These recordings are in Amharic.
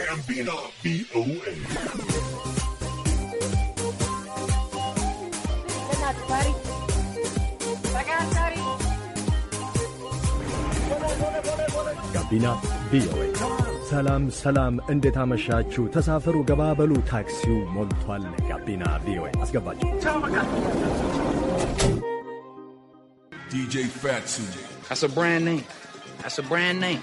ጋቢና ቪኦኤ ጋቢና ቪኦኤ። ሰላም ሰላም፣ እንዴት አመሻችሁ? ተሳፈሩ፣ ገባበሉ፣ ታክሲው ሞልቷል። ጋቢና ቪኦኤ አስገባችሁ። That's a brand name. That's a brand name.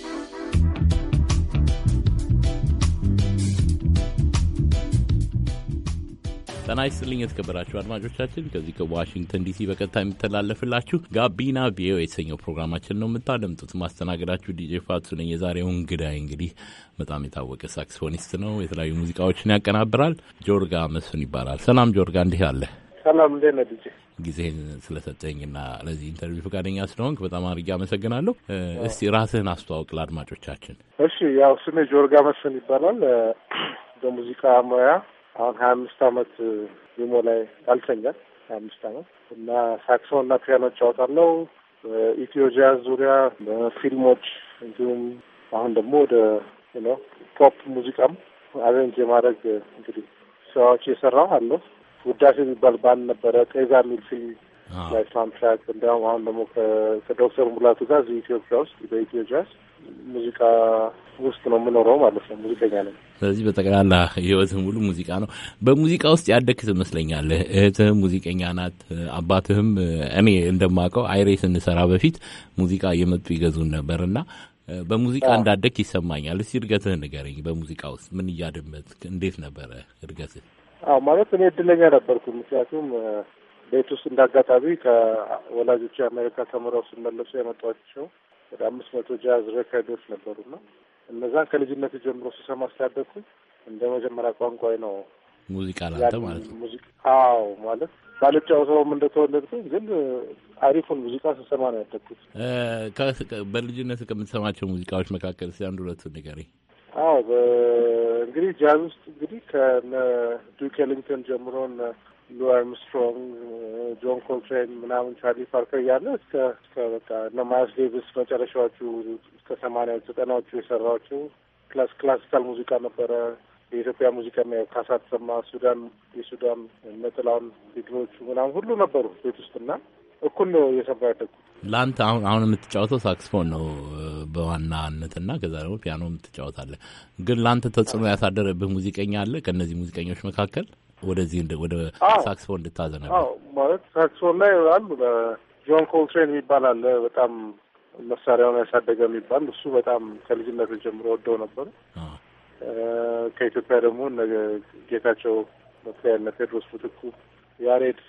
ጤና ይስጥልኝ የተከበራችሁ አድማጮቻችን፣ ከዚህ ከዋሽንግተን ዲሲ በቀጥታ የሚተላለፍላችሁ ጋቢና ቪኦኤ የተሰኘው ፕሮግራማችን ነው የምታደምጡት። ማስተናገዳችሁ ዲጄ ፋቱ ነኝ። የዛሬው እንግዳይ እንግዲህ በጣም የታወቀ ሳክስፎኒስት ነው። የተለያዩ ሙዚቃዎችን ያቀናብራል። ጆርጋ መስፍን ይባላል። ሰላም ጆርጋ፣ እንዲህ አለ። ሰላም፣ እንዴት ነህ ዲጄ? ጊዜህን ስለሰጠኝና ለዚህ ኢንተርቪው ፈቃደኛ ስለሆንክ በጣም አድርጌ አመሰግናለሁ። እስቲ ራስህን አስተዋውቅ ለአድማጮቻችን። እሺ፣ ያው ስሜ ጆርጋ መስፍን ይባላል። በሙዚቃ ሙያ አሁን ሀያ አምስት አመት ላይ አልፈኛል። ሀያ አምስት አመት እና ሳክሶን እና ፒያኖ እጫወታለሁ። በኢትዮ ጃዝ ዙሪያ በፊልሞች እንዲሁም አሁን ደግሞ ወደ ነው ፖፕ ሙዚቃም አሬንጅ የማድረግ እንግዲህ ስራዎች የሰራሁ አለሁ። ውዳሴ የሚባል ባንድ ነበረ። ጤዛ የሚል ፊልም ላይፍላንድ ትራክ እንዲያውም አሁን ደግሞ ከዶክተር ሙላቱ ጋር እዚህ ኢትዮጵያ ውስጥ በኢትዮ ጃዝ ሙዚቃ ውስጥ ነው የምኖረው ማለት ነው። ሙዚቀኛ ነኝ። ስለዚህ በጠቅላላ ህይወትህ ሙሉ ሙዚቃ ነው። በሙዚቃ ውስጥ ያደግህ ትመስለኛለህ። እህትህም ሙዚቀኛ ናት፣ አባትህም እኔ እንደማውቀው አይሬ ስንሰራ በፊት ሙዚቃ እየመጡ ይገዙን ነበር እና በሙዚቃ እንዳደግህ ይሰማኛል። እስቲ እድገትህ ንገረኝ። በሙዚቃ ውስጥ ምን እያደመጥክ እንዴት ነበረ እድገትህ? አዎ ማለት እኔ እድለኛ ነበርኩ ምክንያቱም ቤት ውስጥ እንዳጋጣሚ ከወላጆች የአሜሪካ ተምረው ሲመለሱ የመጧቸው ወደ አምስት መቶ ጃዝ ሬከርዶች ነበሩ ና እነዛን ከልጅነት ጀምሮ ስሰማ ስላደግኩ እንደ መጀመሪያ ቋንቋ ነው ሙዚቃ ላንተ ማለት ነው። ሙዚቃ አዎ፣ ማለት ባልጫወተውም እንደተወለድኩኝ ግን አሪፉን ሙዚቃ ስሰማ ነው ያደግኩት። በልጅነት ከምትሰማቸው ሙዚቃዎች መካከል ሲ አንድ ሁለቱን ንገረኝ። አዎ፣ እንግዲህ ጃዝ ውስጥ እንግዲህ ከነ ዱክ ኤሊንግተን ጀምሮ ሉ አርምስትሮንግ፣ ጆን ኮልትሬን ምናምን ቻርሊ ፓርከር እያለ እስከ እስከ በቃ እነ ዴቪስ መጨረሻዎቹ እስከ ሰማንያዎቹ ዘጠናዎቹ የሰራቸው ክላስ ክላሲካል ሙዚቃ ነበረ። የኢትዮጵያ ሙዚቃ ካሳ ተሰማ፣ ሱዳን የሱዳን ነጥላውን ጥላሁን ምናምን ሁሉ ነበሩ ቤት ውስጥና እኩል ነው እየሰራ ያደጉ። ለአንተ አሁን አሁን የምትጫወተው ሳክስፎን ነው በዋናነትና ከዛ ደግሞ ፒያኖ የምትጫወታለህ። ግን ለአንተ ተጽዕኖ ያሳደረብህ ሙዚቀኛ አለ ከእነዚህ ሙዚቀኞች መካከል? ወደዚህ ወደ ሳክስፎን እንድታዘነ ማለት ሳክስፎን ላይ አሉ። ጆን ኮልትሬን የሚባል አለ በጣም መሳሪያውን ያሳደገ የሚባል እሱ በጣም ከልጅነት ጀምሮ ወደው ነበር። ከኢትዮጵያ ደግሞ ጌታቸው መኩሪያና ቴድሮስ ምትኩ ያሬድ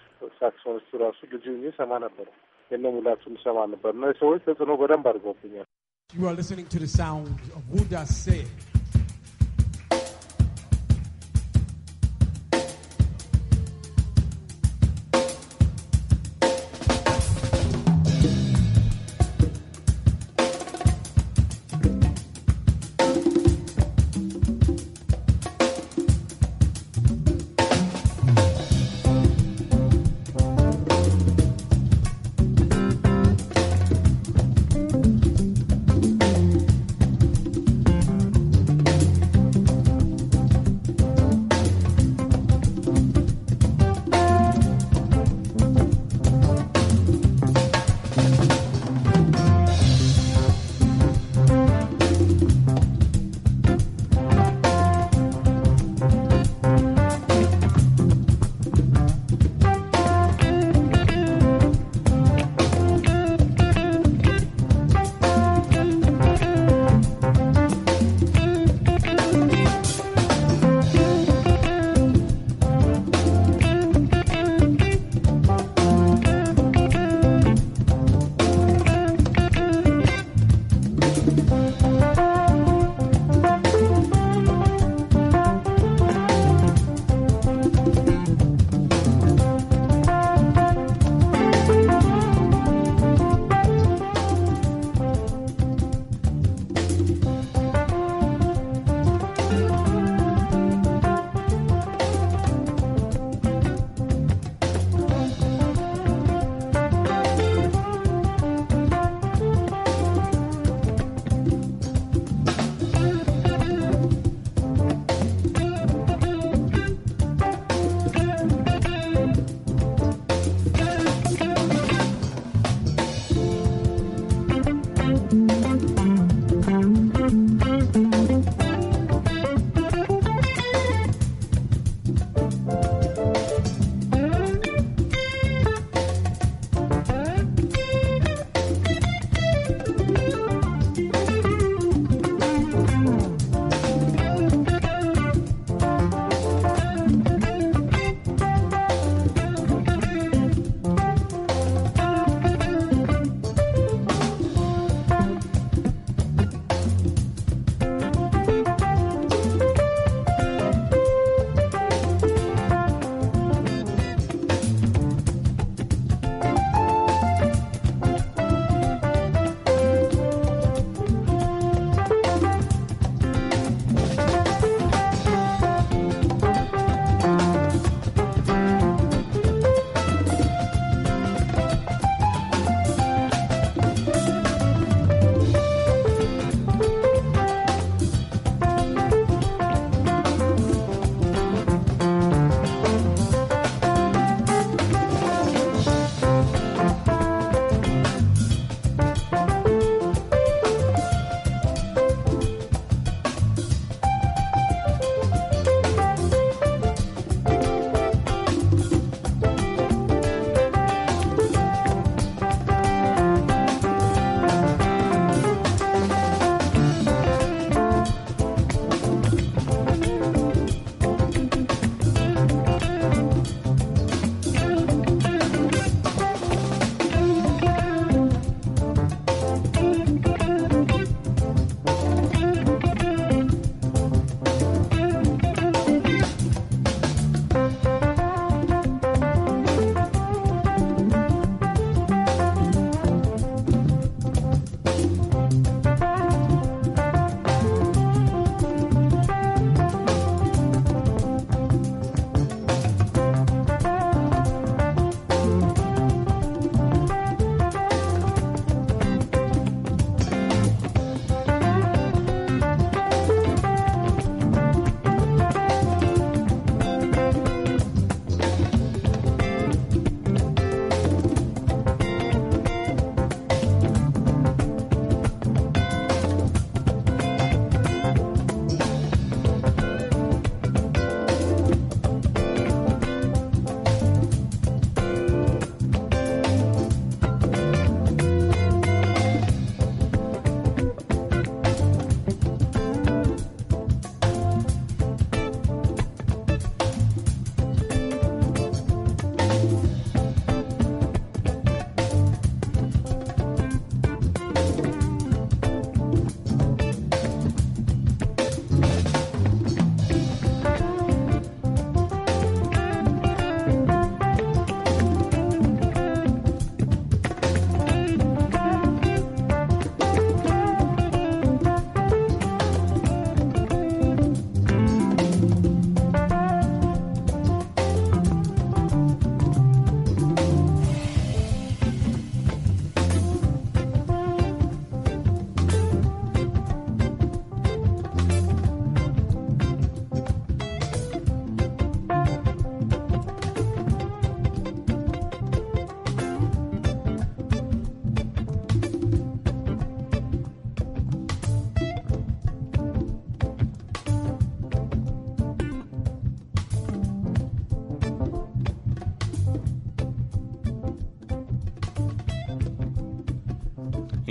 ሳክሶኒስቱ ራሱ ልጅ ሰማ ነበር። የነ ሙላቱን ሰማ ነበር እና ሰዎች ተጽዕኖ በደንብ አድርገውብኛል። You are listening to the sound of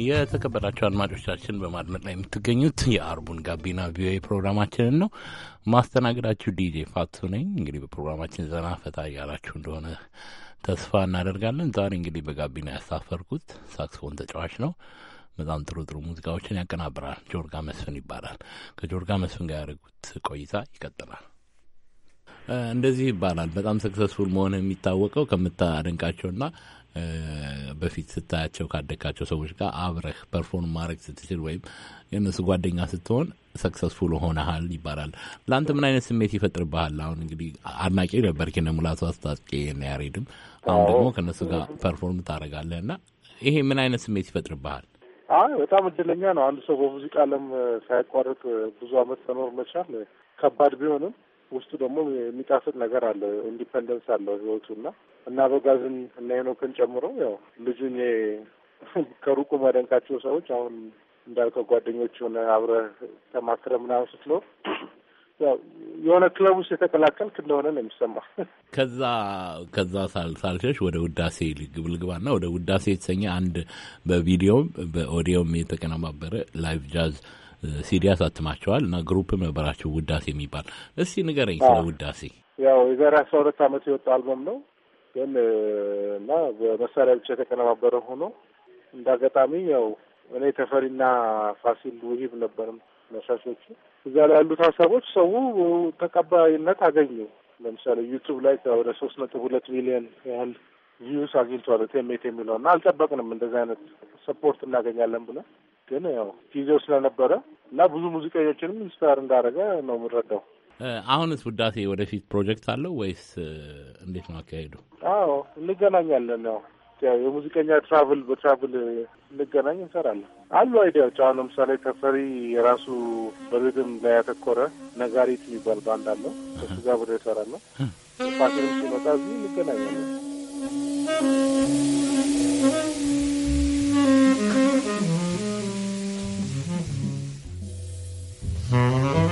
የተከበራቸው አድማጮቻችን በማድመጥ ላይ የምትገኙት የአርቡን ጋቢና ቪኦኤ ፕሮግራማችንን ነው። ማስተናገዳችሁ ዲጄ ፋቱ ነኝ። እንግዲህ በፕሮግራማችን ዘና ፈታ እያላችሁ እንደሆነ ተስፋ እናደርጋለን። ዛሬ እንግዲህ በጋቢና ያሳፈርኩት ሳክስፎን ተጫዋች ነው። በጣም ጥሩ ጥሩ ሙዚቃዎችን ያቀናብራል። ጆርጋ መስፍን ይባላል። ከጆርጋ መስፍን ጋር ያደረጉት ቆይታ ይቀጥላል። እንደዚህ ይባላል በጣም ሰክሰስፉል መሆን የሚታወቀው ከምታደንቃቸውና በፊት ስታያቸው ካደካቸው ሰዎች ጋር አብረህ ፐርፎርም ማድረግ ስትችል ወይም የእነሱ ጓደኛ ስትሆን ሰክሰስፉል ሆነሃል ይባላል። ለአንተ ምን አይነት ስሜት ይፈጥርብሃል? አሁን እንግዲህ አድናቂ ነበር ኪነ ሙላቱ አስታጥቄ እና ያሬድም፣ አሁን ደግሞ ከእነሱ ጋር ፐርፎርም ታደርጋለህ እና ይሄ ምን አይነት ስሜት ይፈጥርብሃል? አይ በጣም እድለኛ ነው አንድ ሰው በሙዚቃ ዓለም ሳያቋርጥ ብዙ አመት መኖር መቻል ከባድ ቢሆንም ውስጡ ደግሞ የሚጣፍጥ ነገር አለ፣ ኢንዲፐንደንስ አለው ህይወቱ እና እና አበጋዝን እና ሄኖክን ጨምሮ ያው ልጁን ከሩቁ ማደንቃቸው ሰዎች አሁን እንዳልከው ጓደኞች ሆነ አብረህ ተማክረ ምናምን ስትኖር የሆነ ክለብ ውስጥ የተቀላቀልክ እንደሆነ ነው የሚሰማ። ከዛ ከዛ ሳልሸሽ ወደ ውዳሴ ልግብ ልግባና ወደ ውዳሴ የተሰኘ አንድ በቪዲዮም በኦዲዮም የተቀነባበረ ላይቭ ጃዝ ሲዲ አሳትማቸዋል እና ግሩፕ ነበራቸው ውዳሴ የሚባል እስቲ ንገረኝ ስለ ውዳሴ። ያው የዛሬ አስራ ሁለት አመት የወጣ አልበም ነው ግን እና በመሳሪያ ብቻ የተቀነባበረ ሆኖ እንደ አጋጣሚ ያው እኔ ተፈሪና ፋሲል ውሂብ ነበርም መሻሾቹ እዛ ላይ ያሉት ሀሳቦች ሰው ተቀባይነት አገኙ። ለምሳሌ ዩቱብ ላይ ወደ ሶስት ነጥብ ሁለት ሚሊዮን ያህል ቪዩስ አግኝቷል። ቴሜት የሚለው እና አልጠበቅንም እንደዚህ አይነት ሰፖርት እናገኛለን ብለን ግን ያው ጊዜው ስለነበረ እና ብዙ ሙዚቀኞችንም ኢንስፓየር እንዳደረገ ነው የምንረዳው። አሁንስ ውዳሴ ወደፊት ፕሮጀክት አለው ወይስ እንዴት ነው አካሄዱ? አዎ እንገናኛለን። ያው የሙዚቀኛ ትራቭል በትራቭል እንገናኝ እንሰራለን። አሉ አይዲያዎች። አሁን ለምሳሌ ተፈሪ የራሱ በሪትም ላይ ያተኮረ ነጋሪት የሚባል ባንድ አለው። እሱ ጋር ብሎ ይሰራለሁ። ነው ሲመጣ እዚህ እንገናኛለን። Mm-hmm.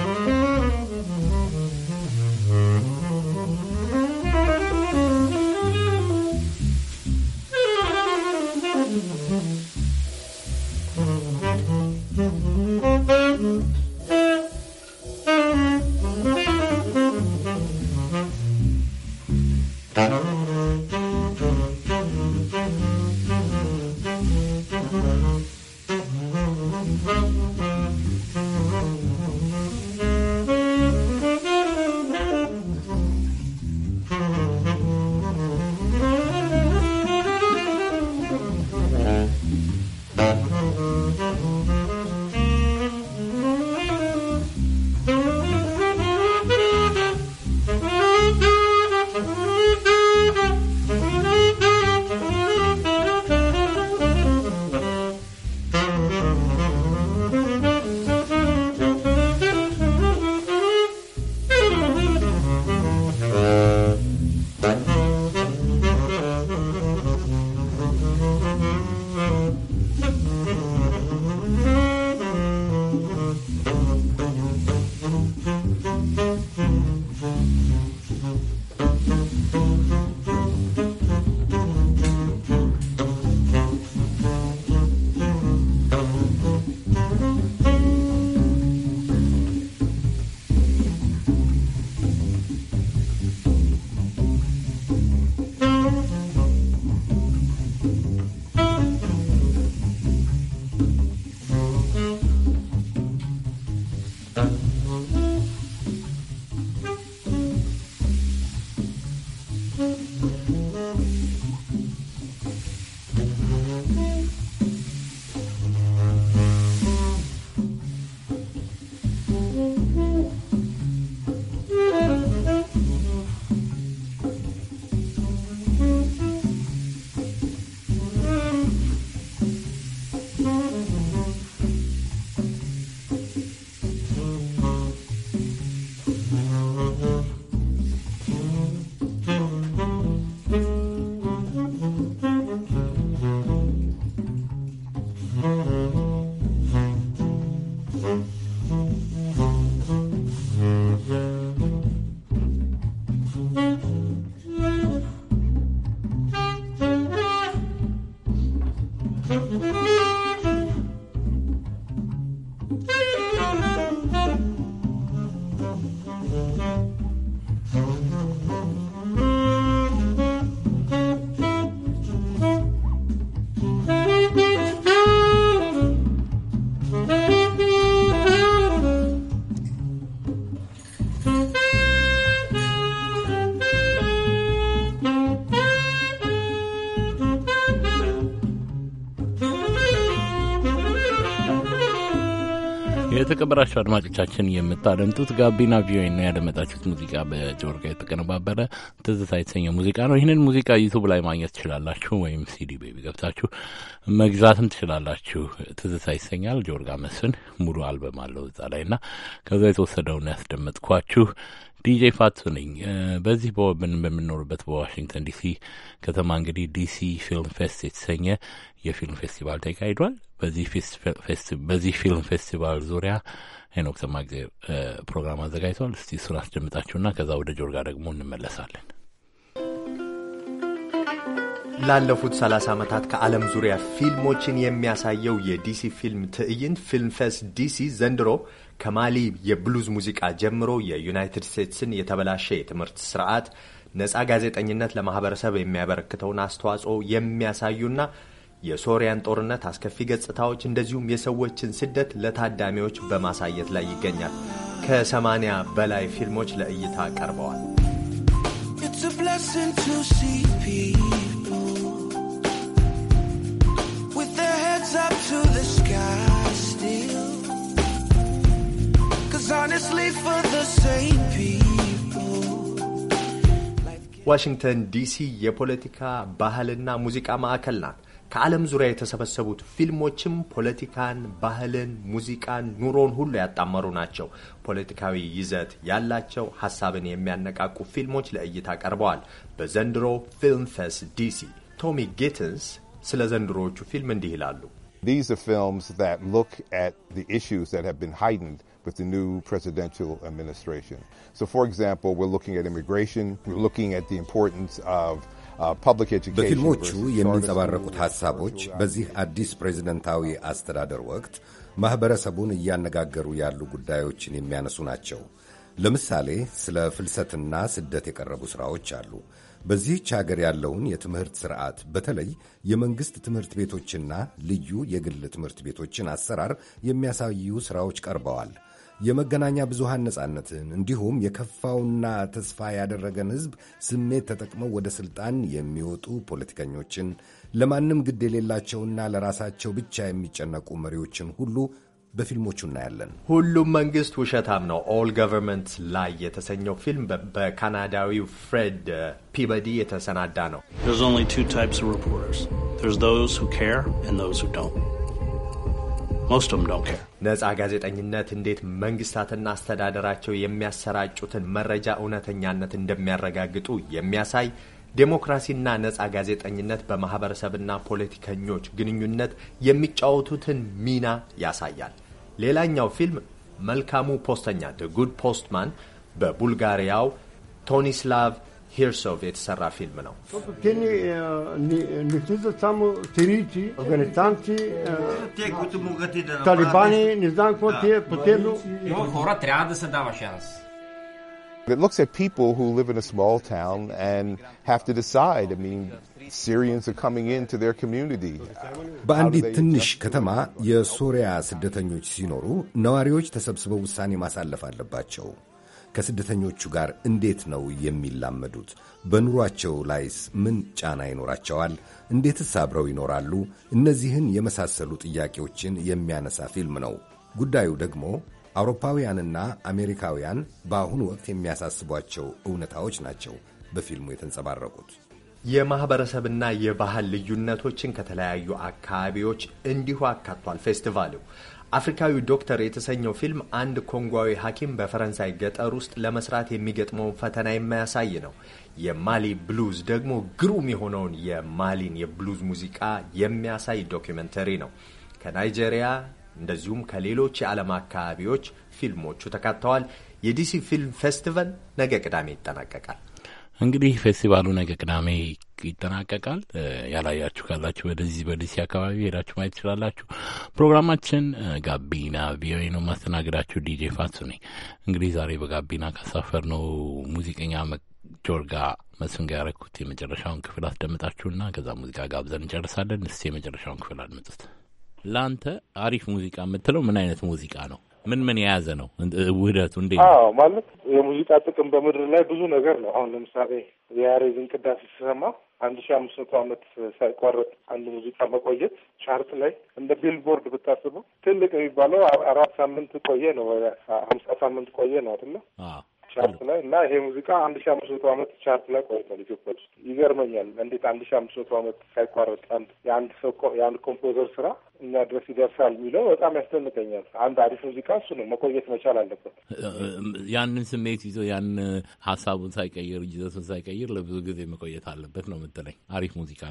የተከበራችሁ አድማጮቻችን የምታደምጡት ጋቢና ቪኦኤ ነው። ያደመጣችሁት ሙዚቃ በጆርጋ የተቀነባበረ ትዝታ የተሰኘ ሙዚቃ ነው። ይህንን ሙዚቃ ዩቱብ ላይ ማግኘት ትችላላችሁ፣ ወይም ሲዲ ቤቢ ገብታችሁ መግዛትም ትችላላችሁ። ትዝታ ይሰኛል። ጆርጋ መስፍን ሙሉ አልበም አለው እዛ ላይ እና ከዛ የተወሰደውን ያስደመጥኳችሁ ዲጄ ፋቱ ነኝ። በዚህ በወብን በምንኖርበት በዋሽንግተን ዲሲ ከተማ እንግዲህ ዲሲ ፊልም ፌስት የተሰኘ የፊልም ፌስቲቫል ተካሂዷል። በዚህ ፊልም ፌስቲቫል ዙሪያ ሄኖክ ተማግዜ ፕሮግራም አዘጋጅቷል። እስቲ እሱን አስደምጣችሁና ከዛ ወደ ጆርጋ ደግሞ እንመለሳለን። ላለፉት 30 ዓመታት ከዓለም ዙሪያ ፊልሞችን የሚያሳየው የዲሲ ፊልም ትዕይንት ፊልም ፌስት ዲሲ ዘንድሮ ከማሊ የብሉዝ ሙዚቃ ጀምሮ የዩናይትድ ስቴትስን የተበላሸ የትምህርት ስርዓት፣ ነፃ ጋዜጠኝነት ለማህበረሰብ የሚያበረክተውን አስተዋጽኦ የሚያሳዩና የሶሪያን ጦርነት አስከፊ ገጽታዎች እንደዚሁም የሰዎችን ስደት ለታዳሚዎች በማሳየት ላይ ይገኛል። ከሰማንያ በላይ ፊልሞች ለእይታ ቀርበዋል። ዋሽንግተን ዲሲ የፖለቲካ ባህልና ሙዚቃ ማዕከል ናት። ከዓለም ዙሪያ የተሰበሰቡት ፊልሞችም ፖለቲካን፣ ባህልን፣ ሙዚቃን፣ ኑሮን ሁሉ ያጣመሩ ናቸው። ፖለቲካዊ ይዘት ያላቸው ሀሳብን የሚያነቃቁ ፊልሞች ለእይታ ቀርበዋል። በዘንድሮ ፊልም ፌስ ዲሲ ቶሚ ጌትንስ ስለ ዘንድሮዎቹ ፊልም እንዲህ ይላሉ። These are films that look at the issues that have been heightened with the new presidential administration. So, for example, we're looking at immigration, we're looking at the importance of Uh, በፊልሞቹ የሚንጸባረቁት ሐሳቦች በዚህ አዲስ ፕሬዝደንታዊ አስተዳደር ወቅት ማኅበረሰቡን እያነጋገሩ ያሉ ጉዳዮችን የሚያነሱ ናቸው። ለምሳሌ ስለ ፍልሰትና ስደት የቀረቡ ሥራዎች አሉ። በዚህች ሀገር ያለውን የትምህርት ሥርዓት በተለይ የመንግሥት ትምህርት ቤቶችና ልዩ የግል ትምህርት ቤቶችን አሰራር የሚያሳዩ ሥራዎች ቀርበዋል። የመገናኛ ብዙሃን ነጻነትን እንዲሁም የከፋውና ተስፋ ያደረገን ሕዝብ ስሜት ተጠቅመው ወደ ሥልጣን የሚወጡ ፖለቲከኞችን፣ ለማንም ግድ የሌላቸውና ለራሳቸው ብቻ የሚጨነቁ መሪዎችን ሁሉ በፊልሞቹ እናያለን። ሁሉም መንግስት ውሸታም ነው። ኦል ገቨርንመንት ላይ የተሰኘው ፊልም በካናዳዊው ፍሬድ ፒበዲ የተሰናዳ ነው። ነጻ ጋዜጠኝነት እንዴት መንግስታትና አስተዳደራቸው የሚያሰራጩትን መረጃ እውነተኛነት እንደሚያረጋግጡ የሚያሳይ ዴሞክራሲና ነጻ ጋዜጠኝነት በማህበረሰብና ፖለቲከኞች ግንኙነት የሚጫወቱትን ሚና ያሳያል። ሌላኛው ፊልም መልካሙ ፖስተኛ ደ ጉድ ፖስትማን በቡልጋሪያው ቶኒስላቭ ፊልም ነው። It looks at people who live in a small town and have to decide. I mean, Syrians are coming into their community. በአንዲት ትንሽ ከተማ የሶሪያ ስደተኞች ሲኖሩ ነዋሪዎች ተሰብስበው ውሳኔ ማሳለፍ አለባቸው። ከስደተኞቹ ጋር እንዴት ነው የሚላመዱት? በኑሯቸው ላይስ ምን ጫና ይኖራቸዋል? እንዴትስ አብረው ይኖራሉ? እነዚህን የመሳሰሉ ጥያቄዎችን የሚያነሳ ፊልም ነው። ጉዳዩ ደግሞ አውሮፓውያንና አሜሪካውያን በአሁኑ ወቅት የሚያሳስቧቸው እውነታዎች ናቸው በፊልሙ የተንጸባረቁት። የማህበረሰብና የባህል ልዩነቶችን ከተለያዩ አካባቢዎች እንዲሁ አካቷል ፌስቲቫሉ። አፍሪካዊ ዶክተር የተሰኘው ፊልም አንድ ኮንጓዊ ሐኪም በፈረንሳይ ገጠር ውስጥ ለመስራት የሚገጥመውን ፈተና የማያሳይ ነው። የማሊ ብሉዝ ደግሞ ግሩም የሆነውን የማሊን የብሉዝ ሙዚቃ የሚያሳይ ዶኪመንተሪ ነው። ከናይጄሪያ እንደዚሁም ከሌሎች የዓለም አካባቢዎች ፊልሞቹ ተካተዋል። የዲሲ ፊልም ፌስቲቫል ነገ ቅዳሜ ይጠናቀቃል። እንግዲህ ፌስቲቫሉ ነገ ቅዳሜ ይጠናቀቃል። ያላያችሁ ካላችሁ ወደዚህ በዲሲ አካባቢ ሄዳችሁ ማየት ትችላላችሁ። ፕሮግራማችን ጋቢና ቪኦኤ ነው። ማስተናገዳችሁ ዲጄ ፋሱ ነኝ። እንግዲህ ዛሬ በጋቢና ካሳፈር ነው ሙዚቀኛ ጆርጋ መስፍን ጋር ያረኩት የመጨረሻውን ክፍል አስደምጣችሁና ከዛ ሙዚቃ ጋብዘን እንጨርሳለን። እስቲ የመጨረሻውን ክፍል አድምጡት። ለአንተ አሪፍ ሙዚቃ የምትለው ምን አይነት ሙዚቃ ነው? ምን ምን የያዘ ነው ውህደቱ? እንዴ አዎ፣ ማለት የሙዚቃ ጥቅም በምድር ላይ ብዙ ነገር ነው። አሁን ለምሳሌ የያሬድን ቅዳሴ ሲሰማ አንድ ሺ አምስት መቶ አመት ሳይቋረጥ አንድ ሙዚቃ መቆየት ቻርት ላይ እንደ ቢልቦርድ ብታስበው ትልቅ የሚባለው አራት ሳምንት ቆየ ነው፣ ሀምሳ ሳምንት ቆየ ነው አይደለ? ቻርት ላይ እና ይሄ ሙዚቃ አንድ ሺ አምስት መቶ አመት ቻርት ላይ ቆይቷል ኢትዮጵያ ውስጥ። ይገርመኛል እንዴት አንድ ሺ አምስት መቶ አመት ሳይቋረጥ አንድ የአንድ ሰው የአንድ ኮምፖዘር ስራ እኛ ድረስ ይደርሳል የሚለው በጣም ያስደንቀኛል። አንድ አሪፍ ሙዚቃ እሱ ነው፣ መቆየት መቻል አለበት። ያንን ስሜት ይዞ ያን ሀሳቡን ሳይቀይር ይዘቱን ሳይቀይር ለብዙ ጊዜ መቆየት አለበት ነው የምትለኝ። አሪፍ ሙዚቃ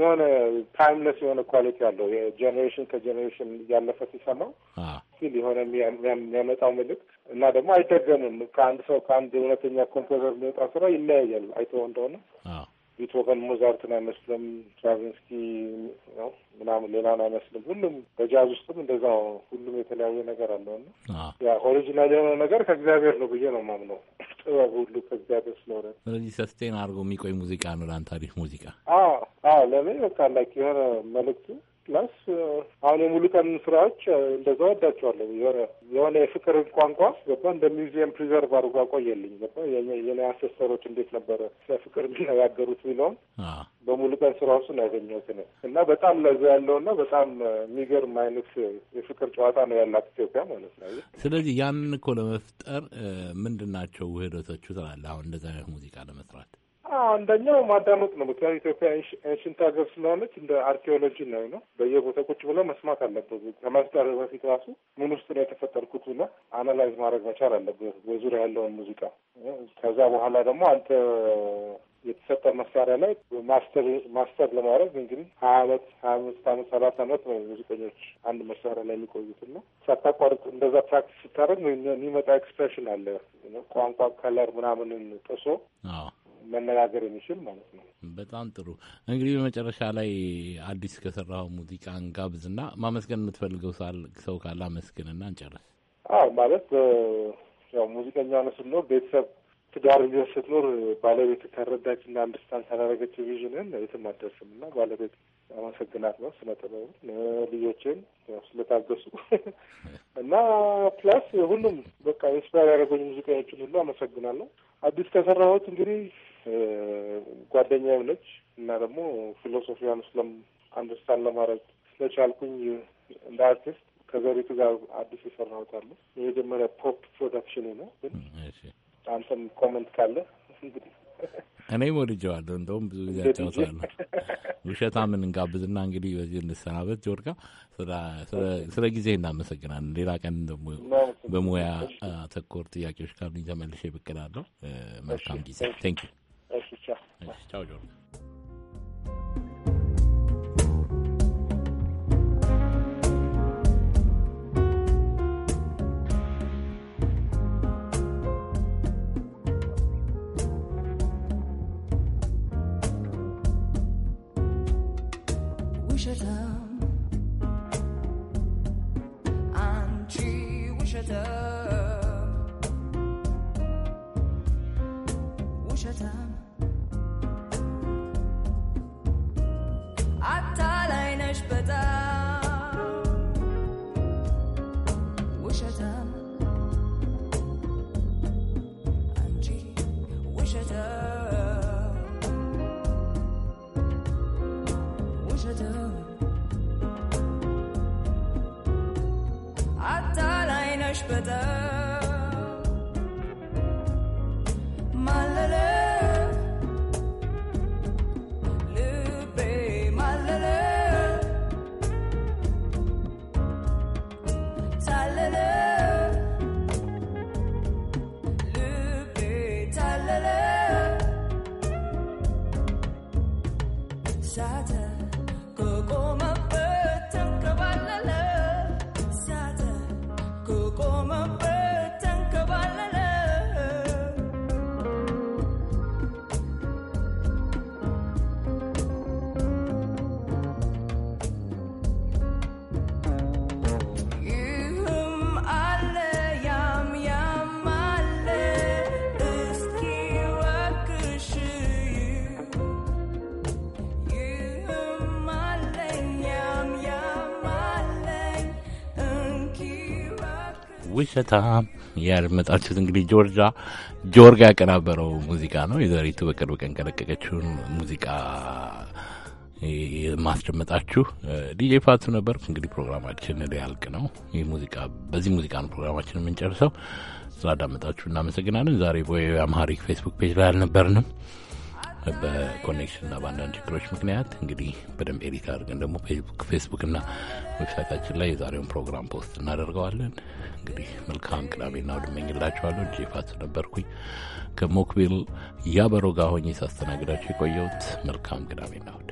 የሆነ ታይምለስ የሆነ ኳሊቲ አለው። ጀኔሬሽን ከጀኔሬሽን እያለፈ ሲሰማው ሲል የሆነ የሚያመጣው ምልክት እና ደግሞ አይደገምም። ከአንድ ሰው ከአንድ እውነተኛ ኮምፖዘር የሚወጣ ስራ ይለያያል። አይተው እንደሆነ ቢቶቨን ሞዛርትን አይመስልም፣ ስትራቪንስኪ ነው ምናምን ሌላን አይመስልም። ሁሉም በጃዝ ውስጥም እንደዛ ነው። ሁሉም የተለያየ ነገር አለው እና ያ ኦሪጂናል የሆነ ነገር ከእግዚአብሔር ነው ብዬ ነው ማምነው። ጥበብ ሁሉ ከእግዚአብሔር ስለሆነ ስለዚህ ሰስቴን አድርጎ የሚቆይ ሙዚቃ ነው። ለአንተ አሪፍ ሙዚቃ አዎ፣ ለምን በቃ ላይክ የሆነ መልእክቱ ፕላስ አሁን የሙሉ ቀን ስራዎች እንደዛ ወዳቸዋለሁ። የሆነ የፍቅር ቋንቋ ገባ እንደ ሚውዚየም ፕሪዘርቭ አድርጎ አቆየልኝ። ገባ የኔ አንሴስተሮች እንዴት ነበረ ስለ ፍቅር የሚነጋገሩት የሚለውም በሙሉ ቀን ስራ ውስጥ ነው ያገኘሁት እና በጣም ለዛ ያለውና በጣም የሚገርም አይነት የፍቅር ጨዋታ ነው ያላት ኢትዮጵያ ማለት ነው። ስለዚህ ያንን እኮ ለመፍጠር ምንድን ናቸው ውህደቶቹ ትላለህ? አሁን እንደዚ አይነት ሙዚቃ ለመስራት አንደኛው ማዳመጥ ነው። ምክንያቱ ኢትዮጵያ ኤንሽንት ሀገር ስለሆነች እንደ አርኪኦሎጂ ነው ነው በየቦታ ቁጭ ብለው መስማት አለበት። ከመስጠር በፊት ራሱ ምን ውስጥ ነው የተፈጠርኩት ብለ አናላይዝ ማድረግ መቻል አለበት፣ በዙሪያ ያለውን ሙዚቃ። ከዛ በኋላ ደግሞ አንተ የተሰጠ መሳሪያ ላይ ማስተር ማስተር ለማድረግ እንግዲህ ሀያ አመት ሀያ አምስት አመት ሰባት አመት ነው ሙዚቀኞች አንድ መሳሪያ ላይ የሚቆዩት እና ሳታቋርጥ እንደዛ ፕራክቲስ ስታደርግ የሚመጣ ኤክስፕሬሽን አለ ቋንቋ፣ ከለር ምናምንን ጥሶ መነጋገር የሚችል ማለት ነው። በጣም ጥሩ እንግዲህ በመጨረሻ ላይ አዲስ ከሰራው ሙዚቃ እንጋብዝና ማመስገን የምትፈልገው ሰው ካለ አመስግንና እንጨርስ። አዎ ማለት ያው ሙዚቀኛ ነው ስትኖር ቤተሰብ ትዳር ይዘህ ስትኖር ባለቤት ከረዳችና አንድስታን ካላረገች ቪዥንን የትም አትደርስም እና ባለቤት አመሰግናት ነው ስነ ጥበቡ ልጆችን ስለታገሱ እና ፕላስ ሁሉም በቃ ኢንስፓየር ያደረጉኝ ሙዚቀኞችን ሁሉ አመሰግናለሁ። አዲስ ከሰራሁት እንግዲህ ጓደኛዬም ነች እና ደግሞ ፊሎሶፊያን ስለም አንደርስታንድ ለማድረግ ስለቻልኩኝ እንደ አርቲስት ከዘሪቱ ጋር አዲስ የሰራሁት አለ። የመጀመሪያ ፖፕ ፕሮዳክሽን ነው። ግን አንተም ኮመንት ካለ እንግዲህ እኔም ወድጀዋለሁ። እንደውም ብዙ ጊዜ ውሸታ ምን እንጋብዝና እንግዲህ በዚህ እንሰናበት። ጆርጋ ስለ ጊዜ እናመሰግናለን። ሌላ ቀን ደግሞ በሙያ ተኮር ጥያቄዎች ካሉኝ ተመልሼ ብቅ መልካም ጊዜ። ቴንክ ዩ Chao, George. ውሸታም ያደመጣችሁት እንግዲህ ጆርጃ ጆርጋ ያቀናበረው ሙዚቃ ነው። የዘሪቱ በቅርብ ቀን ከለቀቀችውን ሙዚቃ የማስደመጣችሁ ዲጄ ፋቱ ነበር። እንግዲህ ፕሮግራማችን ሊያልቅ ነው። ይህ ሙዚቃ በዚህ ሙዚቃ ነው ፕሮግራማችን የምንጨርሰው። ስላዳመጣችሁ እናመሰግናለን። ዛሬ ቮኤ አማሪክ ፌስቡክ ፔጅ ላይ አልነበርንም። በኮኔክሽን በአንዳንድ ችግሮች ምክንያት እንግዲህ በደንብ ኤዲት አድርገን ደግሞ ፌስቡክ እና ዌብሳይታችን ላይ የዛሬውን ፕሮግራም ፖስት እናደርገዋለን። እንግዲህ መልካም ቅዳሜና እሑድ እመኝላችኋለሁ። ጄፋት ነበርኩኝ ከሞክቢል ያበሮ ጋር ሆኜ ሳስተናግዳችሁ የቆየሁት። መልካም ቅዳሜና እሑድ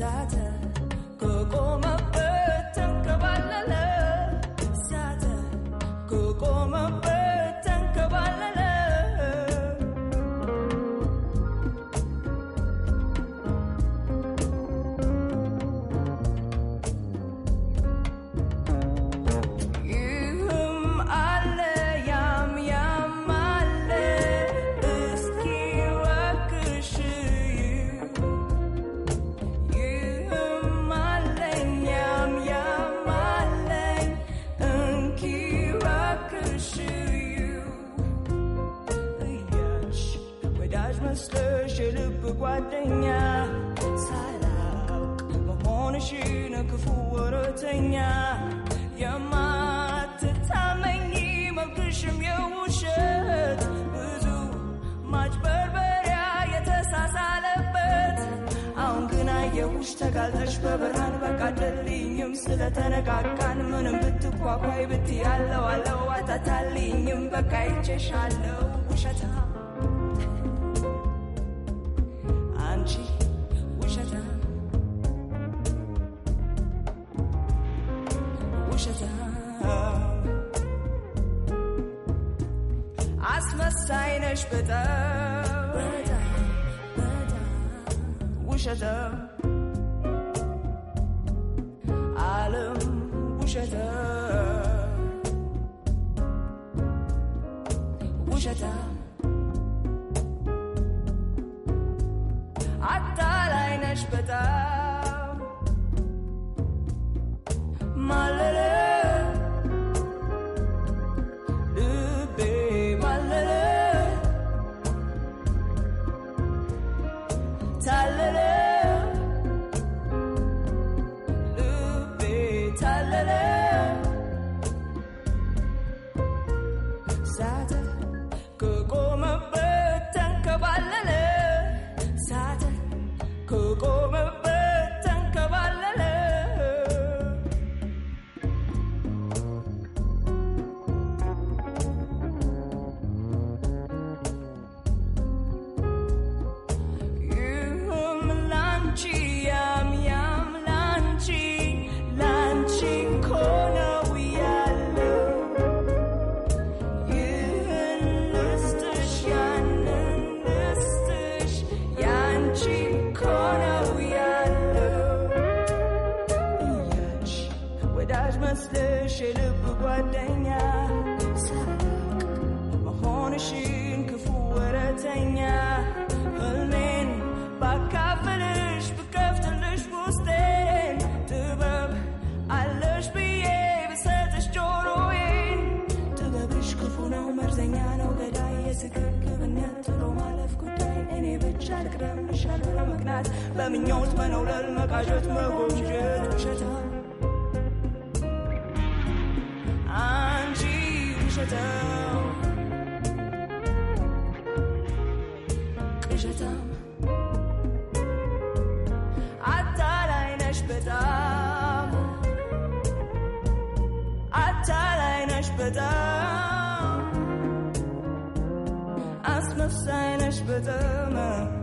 Satan, go go ጓደኛ ሳላውቅ መሆንሽን ክፉ ወረተኛ የማትታመኝ መልክሽም የውሸት ብዙ ማጭበርበሪያ የተሳሳለበት አሁን ግን አየሁሽ ተጋልጠሽ በብርሃን በቃ ደልኝም ስለተነቃቃን ምንም ብትኳኳይ ብትያለው አለው አታታልኝም በቃ ይቼሻለው ውሸታ عسمساينش بدم وشدم عالم وشدم وشدم espetar. down. Asma shine, ich bedürme.